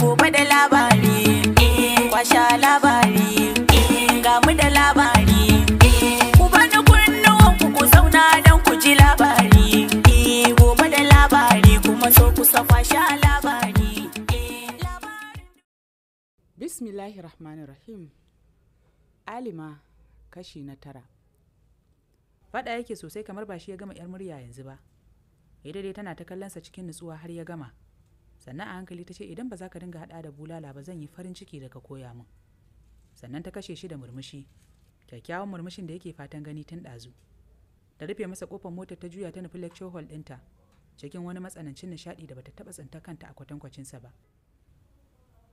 gobe da labari eh, kwasha labari eh, ga mu da labari eh, ku bani kunnuwan ku ku zauna don ku ji labari gobe da labari kuma so ku kwasha labari bismillahir rahmanir rahim alima kashi na tara faɗa yake sosai kamar ba shi ya gama 'yar murya yanzu ba ya daidai tana ta kallonsa cikin nutsuwa har ya gama sannan a hankali ta ce idan ba za ka dinga haɗa da bulala ba zan yi farin ciki daga koya min sannan ta kashe shi da murmushi kyakkyawan murmushin da yake fatan gani tun ɗazu Ta rufe masa kofar motar ta juya ta nufi lecture hall dinta cikin wani matsanancin nishaɗi da bata taɓa tsinta kanta a kwatankwacinsa ba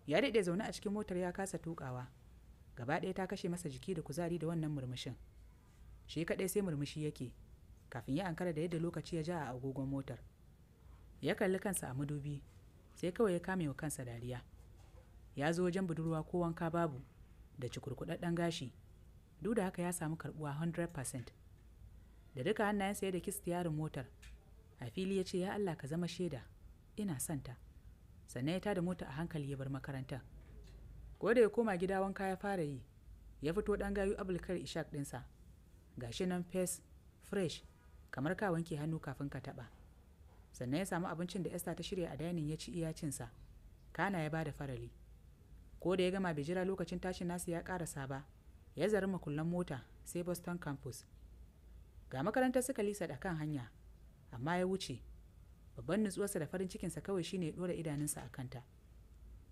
ya daɗe zaune a cikin motar ya kasa tukawa gaba ɗaya ta kashe masa jiki da kuzari da wannan murmushin shi kaɗai sai murmushi yake kafin ya ankara da yadda lokaci ya ja a agogon motar ya kalli kansa a madubi sai kawai ya kame wa kansa dariya ya zo wajen budurwa ko wanka babu da ɗan gashi duk da haka ya samu karbuwa 100% da duka hannayensa ya da kistiyarin motar a fili ya ce ya allah ka zama shaida ina santa sannan ya tada mota a hankali ya bar makaranta. ko da ya koma gida wanka ya fara yi ya fito ɗan gayu abulkar ishak ɗinsa gashi nan fes fresh kamar ka wanke hannu kafin ka taɓa sannan ya samu abincin da esther ta shirya a dainin ya ci iyacinsa kana ya ba da farali ko da ya gama bai jira lokacin tashin nasu ya karasa ba ya zari makullan mota sai boston campus ga makarantar suka lisa da kan hanya amma ya wuce babban nutsuwarsa da farin cikinsa kawai shine ɗora idanunsa a kanta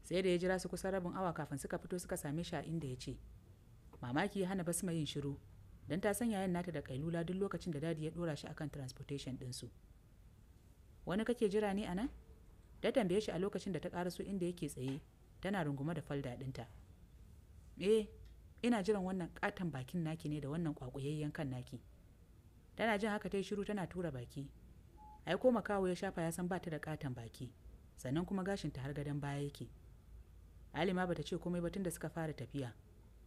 sai da ya jira su kusan rabin awa kafin suka fito suka same shi a inda ya ce mamaki ya hana basma yin shiru don ta sanya yin nata da kailula duk lokacin da dadi ya dora shi akan transportation ɗinsu. su wani kake jira ne anan ta tambaye shi a lokacin da ta ƙara su inda yake tsaye tana rungume da falda ɗinta eh ina jiran wannan katon bakin naki ne da wannan kwakuyayyen kan naki tana jin haka ta yi shiru tana tura baki ai ko makawo ya shafa ya san ba ta da katon baki sannan kuma gashin ta har gadon baya yake alima bata ce komai ba tunda suka fara tafiya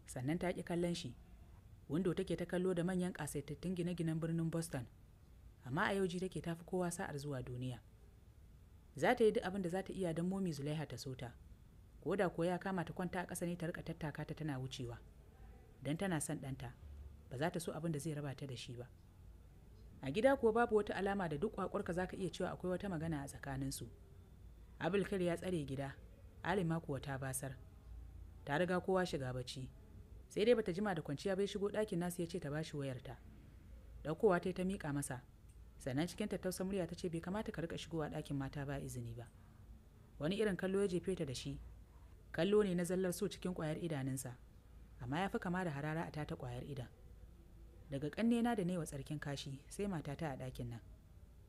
sannan ta ƙi kallon shi windo take ta kallo da manyan kasaitattun gine-ginen birnin boston amma a yau ji take tafi kowa sa'ar zuwa duniya za ta yi duk abin da za ta iya don momi zulaiha ta sota ta ko da ko ya kama ta kwanta a ƙasa ne ta rika tattaka ta tana wucewa don tana son ɗanta ba za ta so abin da zai raba ta da shi ba a gida kuwa babu wata alama da duk kwakwarka za ka iya cewa akwai wata magana a tsakaninsu abulkar ya tsare gida alima kuwa ta basar ta riga kowa shiga bacci sai dai bata jima da kwanciya bai shigo ɗakin nasu ya ce ta bashi wayarta ɗaukowa ta yi ta miƙa masa sannan cikin tattausa murya ta ce bai kamata ka rika shigowa ɗakin mata ba izini ba wani irin kallo ya jefe ta da shi kallo ne na zallar so cikin ƙwayar idanunsa amma ya fi kama da harara a tata ƙwayar idan daga ƙannena da naiwa tsarkin kashi sai matata a ɗakin nan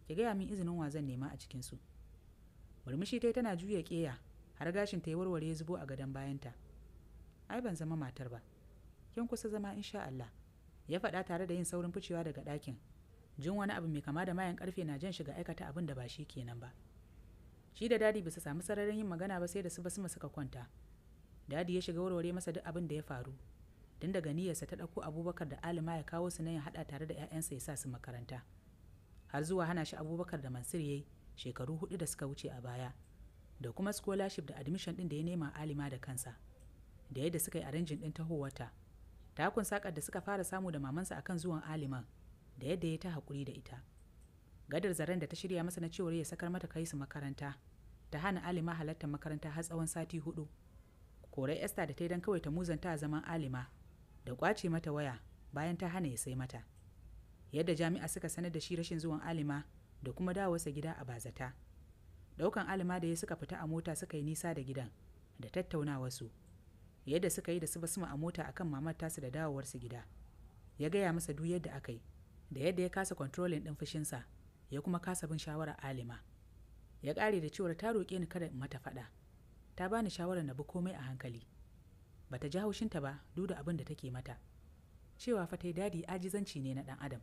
ki gaya min izinin wa zan nema a cikinsu murmushi ta tana juya ƙeya har gashin ta yi warware ya zubo a gadon bayanta ai ban zama matar ba kin kusa zama insha Allah ya faɗa tare da yin saurin ficewa daga ɗakin jin wani abu mai kama da mayan karfe na jan shiga aikata abin da ba shi kenan ba shi da dadi bisa samu sararin yin magana ba sai da su basma suka kwanta dadi ya shiga warware masa duk abin da ya faru tun daga niyyarsa ta ɗauko abubakar da alima ya kawo su na yin haɗa tare da 'ya'yansa ya sa su makaranta har zuwa hana shi abubakar da mansur yi shekaru hudu da suka wuce a baya da kuma scholarship da admission ɗin da ya nema alima da kansa da yadda suka yi a ɗin tahowata takun sakar da suka fara samu da mamansa akan zuwan aliman da yadda ya ta haƙuri da ita gadar zaren da ta shirya masa na cewar ya sakar mata kai su makaranta ta hana alima halartar makaranta har tsawon sati hudu korai esther da ta yi don kawai ta muzanta a zaman alima da kwace mata waya bayan ta hana ya sai mata yadda jami'a suka sanar da shi rashin zuwan alima da kuma dawowarsa gida a bazata daukan alima da ya suka fita a mota suka yi nisa da gidan da tattaunawarsu yadda suka yi da su basma a mota akan mamar tasu da dawowarsu gida ya gaya masa duk yadda aka yi da yadda ya kasa kontrolin ɗin fushinsa ya kuma kasa bin shawarar alima ya ƙare da cewar ta roƙe ni kada in mata faɗa ta bani shawarar na bi komai a hankali bata ji haushinta ba duk da abin da take mata cewa fa tai dadi ajizanci ne na ɗan adam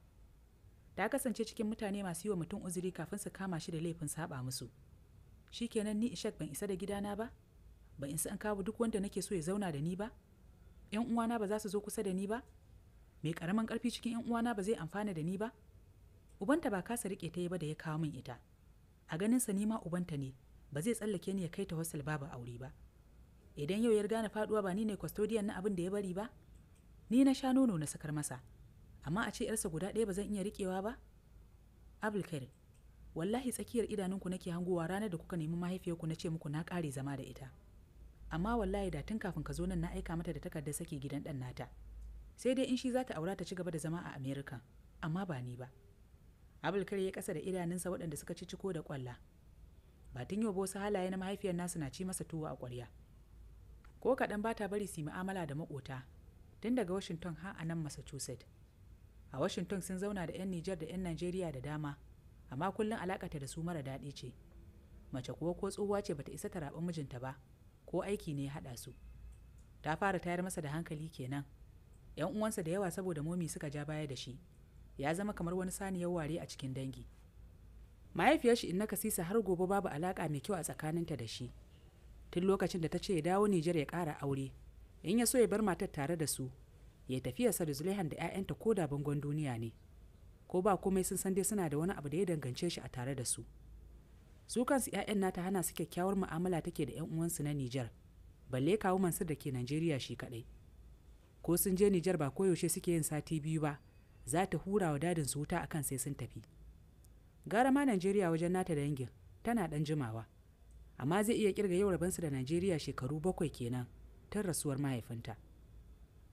ta kasance cikin mutane masu yi wa mutum uzuri kafin su kama shi da laifin saɓa musu Shi kenan ni ishak ban isa da gidana ba ban isa in kawo duk wanda nake so ya zauna da ni ba yan uwana ba za su zo kusa da ni ba mai karamin karfi cikin yan uwana ba zai amfana da ni ba ubanta ba kasa rike ta yi ba da ya kawo min ita a ganin sa nima ubanta ne ba zai tsallake ni ya kai ta hostel babu aure ba idan yau ya gane na faduwa ba ni ne custodian na abin da ya bari ba ni na sha nono na sakar masa amma a ce yarsa guda ɗaya ba zan iya rikewa ba abulkair wallahi tsakiyar idanunku nake hangowa ranar da kuka nemi mahaifiyarku na ce muku na kare zama da ita amma wallahi da tun kafin ka zo nan na aika mata da takardar sake gidan ɗan nata sai dai in shi za ta aura ta ci gaba da zama a america amma ba ni ba abulkar ya kasa da idanunsa waɗanda suka ci ciko da kwalla ba tun yau wasu halaye na mahaifiyar nasu na ci masa tuwo a ƙwarya ko kaɗan ba ta bari su yi mu'amala da maƙota tun daga washington har a nan massachusetts a washington sun zauna da 'yan nijar da 'yan najeriya da dama amma kullum alakata da su mara daɗi ce mace kuwa ko tsohuwa ce bata isa ta raɓi mijinta ba ko aiki ne ya haɗa su ta fara tayar masa da hankali kenan 'yan uwansa da yawa saboda momi suka ja baya da shi ya zama kamar wani saniyar ware a cikin dangi mahaifiyar shi innaka sisa har gobe babu alaka mai kyau a tsakaninta da shi tun lokacin da ta ce ya dawo Nijar ya kara aure in ya so ya bar matar tare da su ya tafiya sa da Zulaihan da 'ya'yanta ko da bangon duniya ne ko ba komai sun san dai suna da wani abu da ya dangance shi a tare da su su kansu 'ya'yan nata hana su kyakkyawar mu'amala take da 'yan uwansu na Nijar balle kawo Mansur da ke Najeriya shi kaɗai ko sun je nijar ba koyaushe suke yin sati biyu ba za ta hura wa dadin su wuta akan sai sun tafi gara ma najeriya wajen nata da yangin tana dan jimawa amma zai iya kirga yau rabansu da najeriya shekaru bakwai kenan tun rasuwar mahaifinta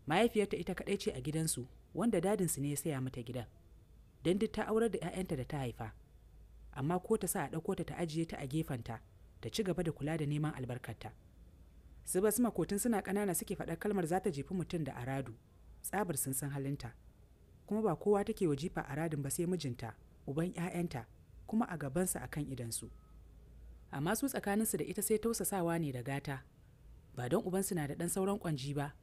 mahaifiyarta ita kaɗai ce a gidansu wanda dadinsu ne ya saya mata gidan don duk ta aurar da 'ya'yanta da ta haifa amma ko ta sa a ɗauko ta ta ajiye ta a gefenta ta ci gaba da kula da neman albarkarta. zuba su makotin suna ƙanana suke faɗar kalmar za ta jefi mutum da aradu tsabar sun san halinta kuma ba kowa take wa jifa aradin ba sai mijinta uban 'ya'yanta kuma a gabansa a kan idansu amma su tsakaninsu da ita sai tausasawa ne da gata ba don ubansu na da ɗan sauran ƙwanji ba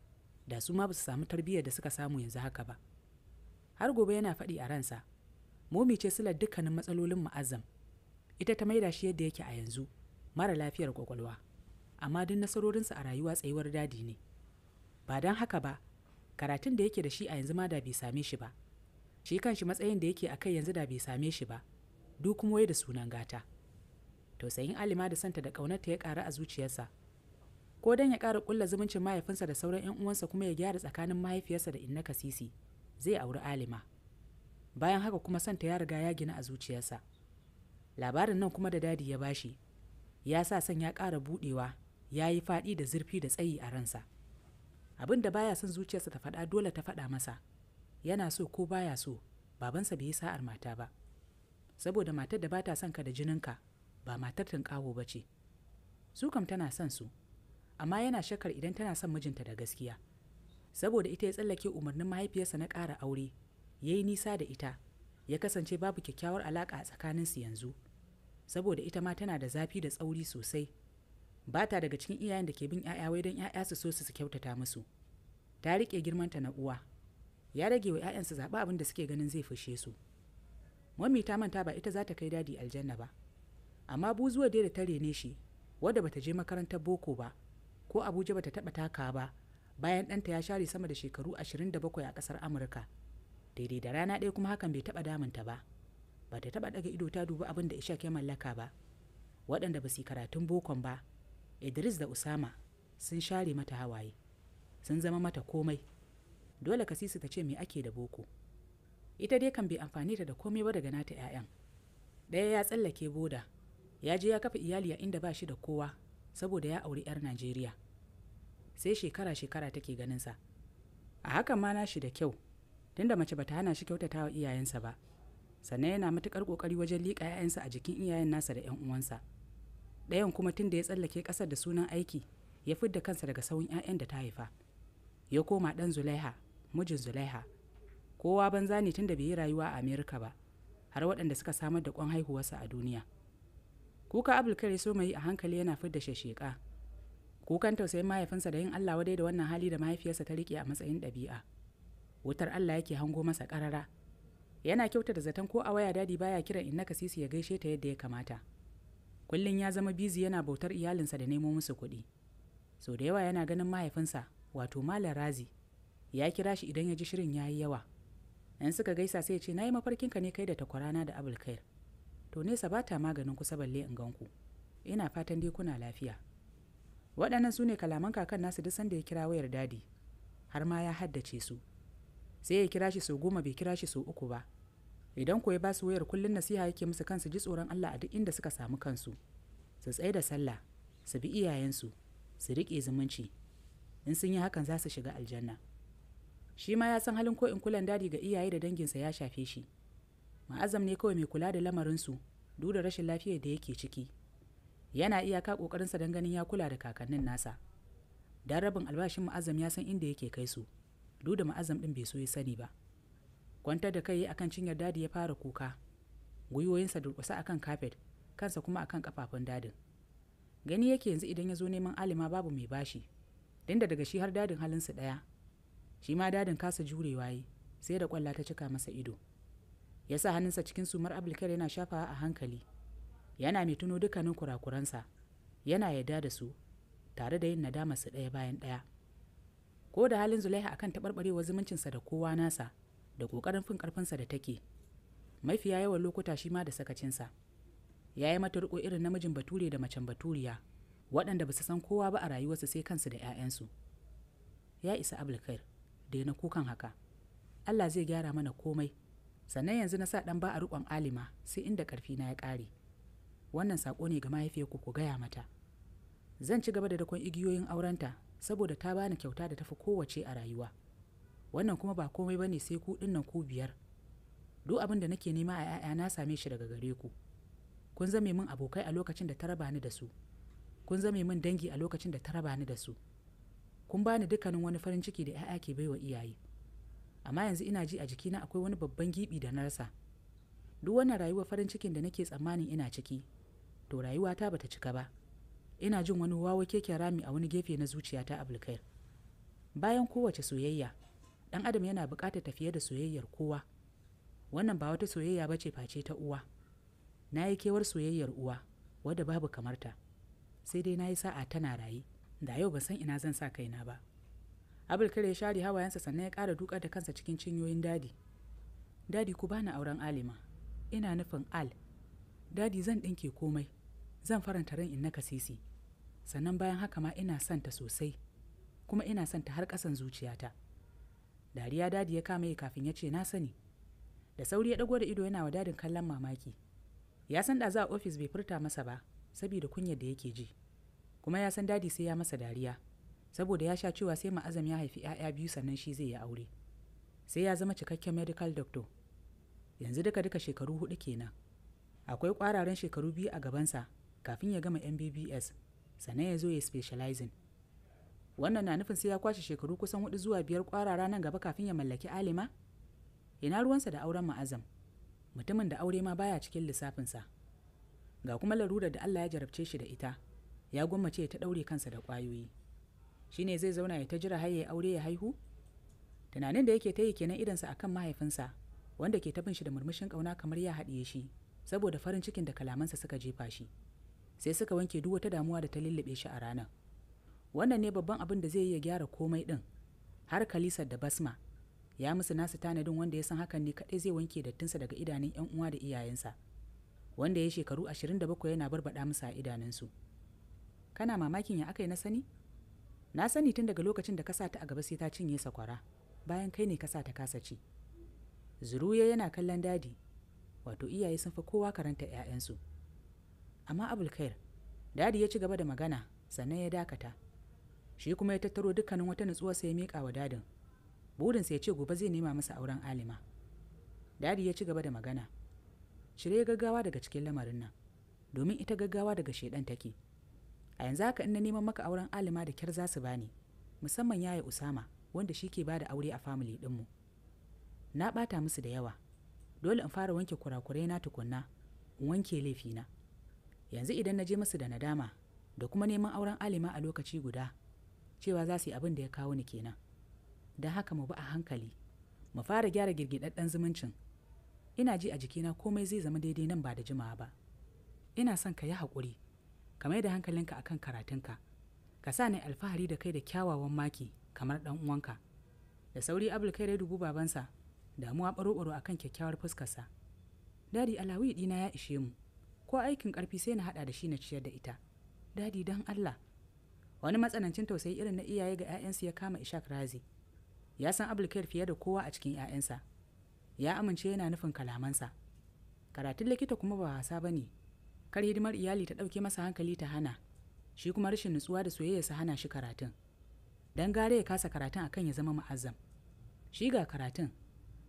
da su ma ba su samu tarbiyyar da suka samu yanzu haka ba har gobe yana faɗi a ransa momi ce silar dukkanin matsalolin ma'azam ita ta maida shi yadda yake a yanzu mara lafiyar kwakwalwa. amma duk nasarorinsa a rayuwa tsayuwar dadi ne ba don haka ba karatun da yake da shi a yanzu ma da bai same shi ba shi kanshi matsayin da yake a kai yanzu da bai same shi ba duk kuma da sunan gata tausayin alima da santa da ƙaunarta ya kara a zuciyarsa ko don ya ƙara ƙulla zumuncin mahaifinsa da sauran 'yan uwansa kuma ya gyara tsakanin mahaifiyarsa da inna kasisi zai auri alima bayan haka kuma santa ya riga ya gina a zuciyarsa labarin nan kuma da dadi ya bashi ya sa son ya ƙara buɗewa ya yi faɗi da zurfi da tsayi a ransa abin da baya son zuciyarsa ta faɗa dole ta faɗa masa yana so ko baya so babansa bai yi sa'ar mata ba saboda matar da ba ta son ka da jininka ba matar tunƙawo ba ce su tana son su amma yana shakar idan tana son mijinta da gaskiya saboda ita ya tsallake umarnin mahaifiyarsa na ƙara aure ya yi nisa da ita ya kasance babu kyakkyawar alaƙa a tsakaninsu yanzu saboda ita ma tana da zafi da tsauri sosai ba ta daga cikin iyayen da ke bin 'ya'ya wai don 'ya'ya su so su su kyautata musu ta riƙe girmanta na uwa ya rage wa 'ya'yansu zaɓa abin da suke ganin zai fushe su mami ta manta ba ita za ta kai dadi aljanna ba amma buzuwa dai da ta rene shi wadda bata je makarantar boko ba ko abuja bata taɓa taka ba bayan ɗanta ya share sama da shekaru ashirin bakwai a ƙasar amurka daidai da rana ɗaya kuma hakan bai taɓa damunta ba ba ta taɓa ɗaga ido ta dubi abin da ishak ya mallaka ba waɗanda ba su yi karatun bokon ba idris da usama sun share mata hawaye sun zama mata komai dole Kasisu ta ce me ake da boko ita dai kan bai amfani ta da komai ba daga nata 'ya'yan ɗaya ya tsallake boda ya je ya kafa iyali a inda ba shi da kowa saboda ya auri 'yar najeriya sai shekara-shekara take ganinsa a hakan ma na shi da kyau tunda mace bata hana shi kyautatawa iyayensa ba sannan yana matuƙar ƙoƙari wajen liƙa 'ya'yansa a jikin iyayen nasa da 'yan uwansa. ɗayan kuma tun da ya tsallake ƙasar da sunan aiki ya fidda kansa daga sauyin 'ya'yan da ta haifa ya koma ɗan zulaiha mijin zulaiha kowa banza ne tun da bai yi rayuwa a amerika ba har waɗanda suka samar da ƙwan haihuwarsa a duniya kuka abulkar ya so mai a hankali yana fidda shashiƙa kukan tausayin mahaifinsa da yin allah wadai da wannan hali da mahaifiyarsa ta riƙe a matsayin ɗabi'a wutar allah yake hango masa ƙarara yana kyauta da zaton ko a waya dadi baya kiran in na ya gaishe ta yadda ya kamata kullum ya zama bizi yana bautar iyalinsa da nemo musu kuɗi sau da yawa yana ganin mahaifinsa wato malam razi ya kira shi idan ya ji shirin ya yi yawa in suka gaisa sai ya ce na yi mafarkinka ne kai da takwarana da abulkair to nesa ba ta maganin kusa balle in ganku ina fatan dai kuna lafiya waɗannan su ne kalaman kakan nasu duk sanda ya kira wayar dadi har ma ya haddace su sai ya kira shi sau goma bai kira shi sau uku ba idan kuwa ya ba su wayar kullum nasiha yake musu kansu ji tsoron Allah a duk inda suka samu kansu su tsaye da sallah su bi iyayensu su riƙe zumunci in sun yi hakan za su shiga aljanna shi ma ya san halin ko in kulan dadi ga iyaye da danginsa ya shafe shi ma'azam ne kawai mai kula da lamarinsu duk da rashin lafiyar da yake ciki yana iyaka ƙoƙarinsa don ganin ya kula da kakannin nasa dan rabin albashin ma'azam ya san inda yake kai su duk da ma'azam ɗin bai so ya sani ba kwantar da kai akan cinyar dadi ya fara kuka gwiwoyinsa durƙusa akan kafet kansa kuma akan kafafun dadin gani yake yanzu idan ya zo neman alima babu mai bashi don da daga shi har dadin halinsu ɗaya shi ma dadin kasa jurewa yi sai da kwalla ta cika masa ido ya sa hannunsa cikin sumar abulkar yana shafawa a hankali yana mai tuno dukkanin kurakuransa yana yarda da su tare da yin nadama su ɗaya bayan ɗaya ko da halin zulaiha akan taɓarɓarewar zumuncinsa da kowa nasa da ƙoƙarin fin ƙarfinsa da take mafiya yawan lokuta shi ma da sakacinsa ya yi mata riko irin namijin bature da macen baturiya waɗanda ba su san kowa ba a rayuwarsu sai kansu da 'ya'yansu ya isa abulkair daina kukan haka allah zai gyara mana komai sannan yanzu na sa ɗan ba a riƙon alima sai inda ƙarfi na ya ƙare wannan saƙo ne ga mahaifiyarku ku gaya mata zan ci gaba da dakon igiyoyin aurenta saboda ta bani kyauta da tafi kowace a rayuwa wannan kuma ba komai bane sai ku dinnan ku biyar duk abin da nake nema a yaya na same shi daga gare ku kun zame min abokai a lokacin da ta raba ni da su kun zame min dangi a lokacin da ta raba ni da su kun bani dukkanin wani farin ciki da yaya ke baiwa iyaye amma yanzu ina ji a jikina akwai wani babban giɓi da na rasa duk wannan rayuwar farin cikin da nake tsammanin ina ciki to rayuwata bata cika ba ina jin wani wawa keken rami a wani gefe na zuciyata abulkair bayan kowace soyayya Dan adam yana buƙatar tafiye da soyayyar kowa wannan ba wata soyayya ba ce face ta uwa na yi kewar soyayyar uwa wadda babu kamarta sai dai na yi sa'a tana raye da yau ban san ina zan sa kaina ba kare ya share hawayensa sannan ya ƙara duka da kansa cikin cinyoyin dadi dadi ku bani auren alima ina nufin al dadi zan ɗinke komai zan faranta ran in naka sisi. sannan bayan haka ma ina son ta sosai kuma ina son ta har ƙasan zuciyata dariya dadi ya kama yi kafin ya ce na sani da sauri ya dago da ido yana wa dadin kallon mamaki ya san da za a ofis bai furta masa ba saboda kunyar da yake ji kuma ya san dadi sai ya masa dariya saboda ya sha cewa sai ma'azam ya haifi 'ya'ya biyu sannan shi zai yi aure sai ya zama cikakken medical doctor yanzu duka duka shekaru hudu kenan akwai kwararen shekaru biyu a gabansa kafin ya gama mbbs sannan ya zo ya specializing wannan na nufin sai ya kwashe shekaru kusan hudu zuwa biyar kwarara nan gaba kafin ya mallaki alima ina ruwansa da auren ma'azam mutumin da aure ma baya cikin lissafinsa ga kuma larurar da allah ya jarabce shi da ita ya gwammace ta ɗaure kansa da ƙwayoyi shine zai zauna ya ta jira har ya aure ya haihu tunanin da yake ta yi kenan idansa akan mahaifinsa wanda ke tabin shi da murmushin ƙauna kamar ya haɗiye shi saboda farin cikin da kalamansa suka jefa shi sai suka wanke duk wata damuwa da ta lullube shi a ranar wannan ne babban abin da zai iya gyara komai din har kalisar da basma ya musu nasu tanadin wanda ya san hakan ne kaɗai zai wanke dattinsa daga idanun 'yan uwa da iyayensa wanda ya shekaru ashirin da 27 yana barbada musu a idanunsu kana mamakin ya aka yi na sani na sani tun daga lokacin da ka ta a gaba sai ta cinye sakwara bayan kai ne kasa ta kasa ci zuruya yana kallon dadi wato iyaye sun fi kowa karanta 'ya'yansu amma abulkair dadi ya ci gaba da magana sannan ya dakata shi kuma ya tattaro dukkanin wata nutsuwa sai ya miƙa wa dadin burinsa ya ce gobe zai nema masa auren alima dadi ya ci gaba da magana shirye gaggawa daga cikin lamarin nan domin ita gaggawa daga shaidan take a yanzu haka in na neman maka auren alima da kyar za su bani musamman yaya usama wanda shi ke bada aure a famili dinmu na bata musu da yawa dole in fara wanke kurakurai na tukunna in wanke laifina yanzu idan na je musu da nadama da kuma neman auren alima a lokaci guda cewa za su yi abin da ya kawo ni kenan don haka mu bi a hankali mu fara gyara ɗan zumuncin ina ji a jikina komai zai zama daidai nan ba da jimawa ba ina son ka yi haƙuri ka mai da hankalinka akan karatunka ka sa ni alfahari da kai da kyawawan maki kamar ɗan uwanka da sauri abul kai dubu babansa damuwa baro-baro akan kyakkyawar fuskarsa dadi alawi dina ya ishe mu ko aikin karfi sai na haɗa da shi na ciyar da ita dadi don allah wani matsanancin tausayi irin na iyaye ga 'ya'yansu ya kama ishak razi ya san abulkair fiye da kowa a cikin 'ya'yansa ya amince yana nufin kalamansa karatun likita kuma ba wasa ba ne kar hidimar iyali ta ɗauke masa hankali ta hana shi kuma rashin nutsuwa da soyayya su hana shi karatun Dan gare ya kasa karatun akan ya zama ma'azzam shi ga karatun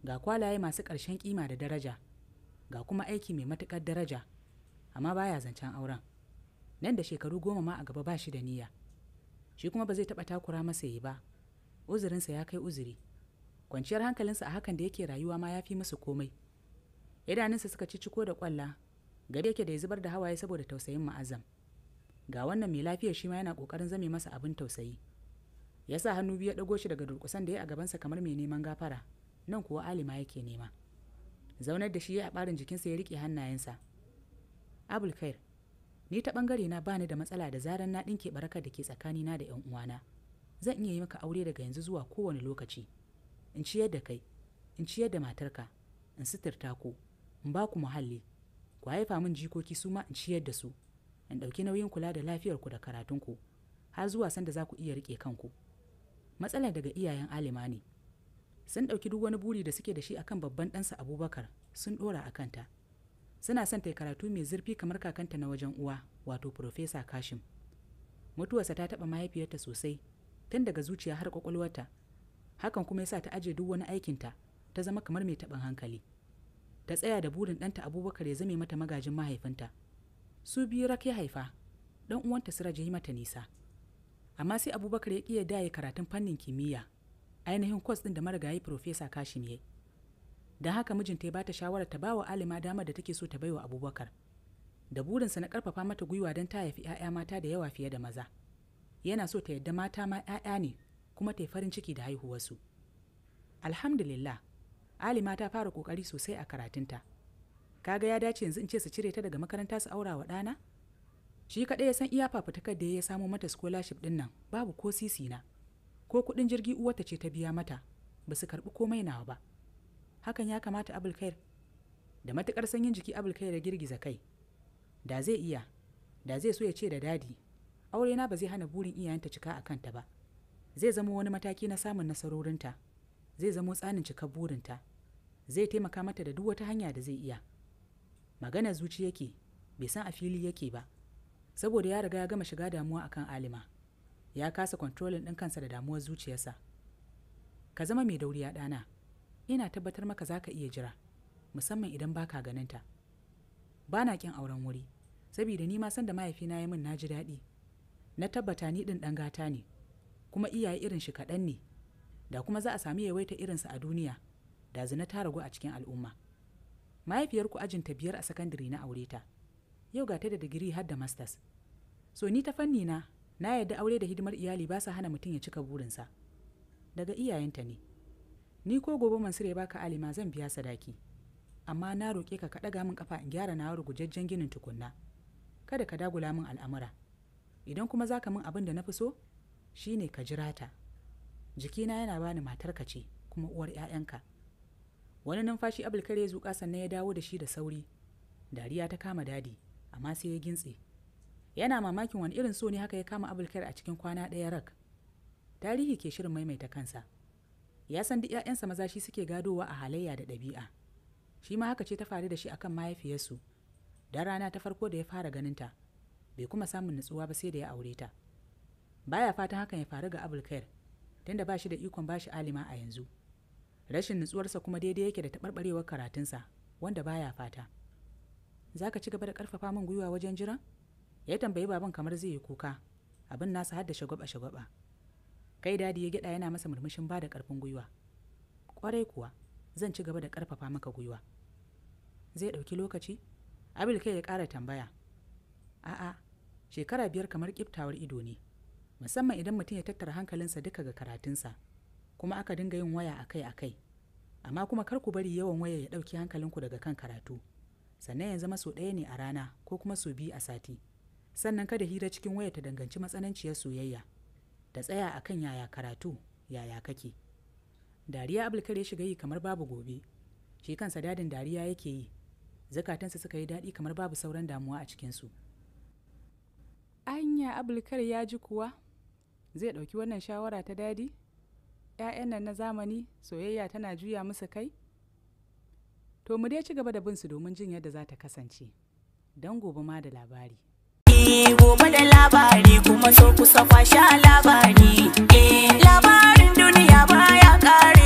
ga kwalaye masu ƙarshen kima da daraja ga kuma aiki mai matuƙar daraja amma baya zancen auren nan da shekaru goma ma a gaba ba shi da niyya shi kuma ba zai taɓa takura masa yi ba uzurinsa ya kai uzuri kwanciyar hankalinsa a hakan da yake rayuwa ma ya fi masa komai idanunsa suka ci ciko da kwalla gari yake da ya zubar da hawaye saboda tausayin ma'azam ga wannan mai lafiyar shi ma yana ƙoƙarin zame masa abin tausayi ya sa hannu biyu ya ɗago shi daga durƙusan da ya a gabansa kamar mai neman gafara nan kuwa alima yake nema zaunar da shi ya a ɓarin jikinsa ya riƙe hannayensa abulkhair ni ta bangare na bani da matsala da zaran na dinke baraka da ke tsakani na da 'yan uwana zan iya yi maka aure daga yanzu zuwa kowane lokaci in ciyar da kai in ciyar da matarka in suturta ku in ba ku muhalli ku haifa min jikoki su ma in ciyar da su in ɗauki nauyin kula da lafiyarku da karatunku har zuwa sanda za ku iya riƙe kanku matsala daga iyayen alima ne sun ɗauki duk wani buri da suke da shi akan babban ɗansa abubakar sun ɗora a kanta suna son ta yi karatu mai zurfi kamar kakanta na wajen uwa wato Profesa Kashim. Mutuwarsa ta taɓa mahaifiyarta sosai tun daga zuciya har ƙwaƙwalwarta. Hakan kuma yasa ta aje duk wani aikinta ta zama kamar mai taɓin hankali. Ta tsaya da burin ɗanta Abubakar ya zame mata magajin mahaifinta. Su biyu rak ya haifa, ɗan uwanta su raje mata nisa. Amma sai Abubakar ya ƙi ya karatun fannin kimiyya, ainihin kwas ɗin da marigayi Profesa Kashim yayi da haka mijinta ya bata shawarar ta bawa alima damar da take so ta baiwa abubakar da burinsa na karfafa mata gwiwa don ta haifi 'ya'ya mata da yawa fiye da maza yana so ta yadda mata ma 'ya'ya ne kuma ta yi farin ciki da haihuwarsu alhamdulillah alima ta fara kokari sosai a karatunta kaga ya dace yanzu in ce su cire ta daga makaranta su aura wa ɗana shi kaɗai ya san iya fafutakar da ya samo mata scholarship ɗin nan babu ko sisi na ko kuɗin jirgi uwarta ce ta biya mata ba su karɓi komai nawa ba hakan ya kamata abulkair da matukar sanyin jiki abulkair ya girgiza kai da zai iya da zai so ya ce da dadi aure na ba zai hana burin iyayenta cika a kanta ba zai zama wani mataki na samun nasarorinta zai zamo tsanin cika burinta zai taimaka mata da duk wata hanya da zai iya magana zuci yake bai san a fili yake ba saboda ya riga ya gama shiga damuwa akan alima ya kasa kontrolin ɗin kansa da damuwar zuciyarsa ka zama mai dauriya ɗana ina tabbatar maka za ka iya jira musamman idan baka ganinta ba na kin auren wuri saboda ni ma san da mahaifina ya min na ji daɗi na tabbata ni ɗin ɗan gata ne kuma iyaye irin shi kaɗan ne da kuma za a sami yawaita irinsa a duniya da zina ta ragu a cikin al'umma mahaifiyarku ta biyar a sakandare na aure ta yau ga ta da digiri har da masters so ni ta fanni na na yadda aure da hidimar iyali ba sa hana mutum ya cika burinsa daga iyayenta ne ni ko gobe mansur ya baka alima zan biya sadaki amma na roƙe ka ka ɗaga min kafa in gyara na rugujajjen ginin tukunna kada ka dagula min al'amura idan kuma za ka min abin da na fi so shine ka jira ta jikina yana bani ka ce kuma uwar 'ya'yanka wani numfashi abulkar ya zuƙa sannan ya dawo da shi da sauri dariya ta kama dadi amma sai ya gintse yana mamakin wani irin so ne haka ya kama abulkar a cikin kwana ɗaya rak tarihi ke shirin maimaita kansa ya san duk 'ya'yansa maza shi suke gadowa a halayya da ɗabi'a shi ma haka ce ta faru da shi akan mahaifiyarsu da rana ta farko da ya fara ganin ta bai kuma samun nutsuwa ba sai da ya aure ta baya fatan hakan ya faru ga abulkair tunda ba shi da ikon ba shi alima a yanzu rashin nutsuwarsa kuma daidai yake da taɓarɓarewar karatunsa wanda baya fata za ka ci gaba da ƙarfafa min gwiwa wajen jira ya tambayi baban kamar zai yi kuka abin nasa har da shagwaba shagwaba kai dadi ya gyaɗa yana masa murmushin ba da ƙarfin gwiwa ƙwarai kuwa zan ci gaba da ƙarfafa maka gwiwa zai ɗauki lokaci abil kai ya ƙara tambaya a'a shekara biyar kamar kiftawar ido ne musamman idan mutum ya tattara hankalinsa duka ga karatunsa kuma aka dinga yin waya akai akai amma kuma kar ku bari yawan waya ya ɗauki hankalinku daga kan karatu sannan ya zama so ɗaya ne a rana ko kuma sau biyu a sati sannan kada hira cikin waya ta danganci matsananciyar soyayya Da tsaya a kan yaya karatu yaya kake dariya abulkar ya shiga yi kamar babu gobe shi kansa dadin dariya yake yi zakatansa suka yi daɗi kamar babu sauran damuwa a cikinsu anya abulkar ya ji kuwa zai ɗauki wannan shawara ta dadi ‘ya'yan nan na zamani soyayya tana juya musu kai to mu dai ci gaba da bin su domin jin yadda za ta kasance don gobe ma da labari labari gobe da labari kuma so kusa kwashe labari eh labarin duniya baya kare